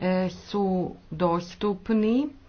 E, su dostupni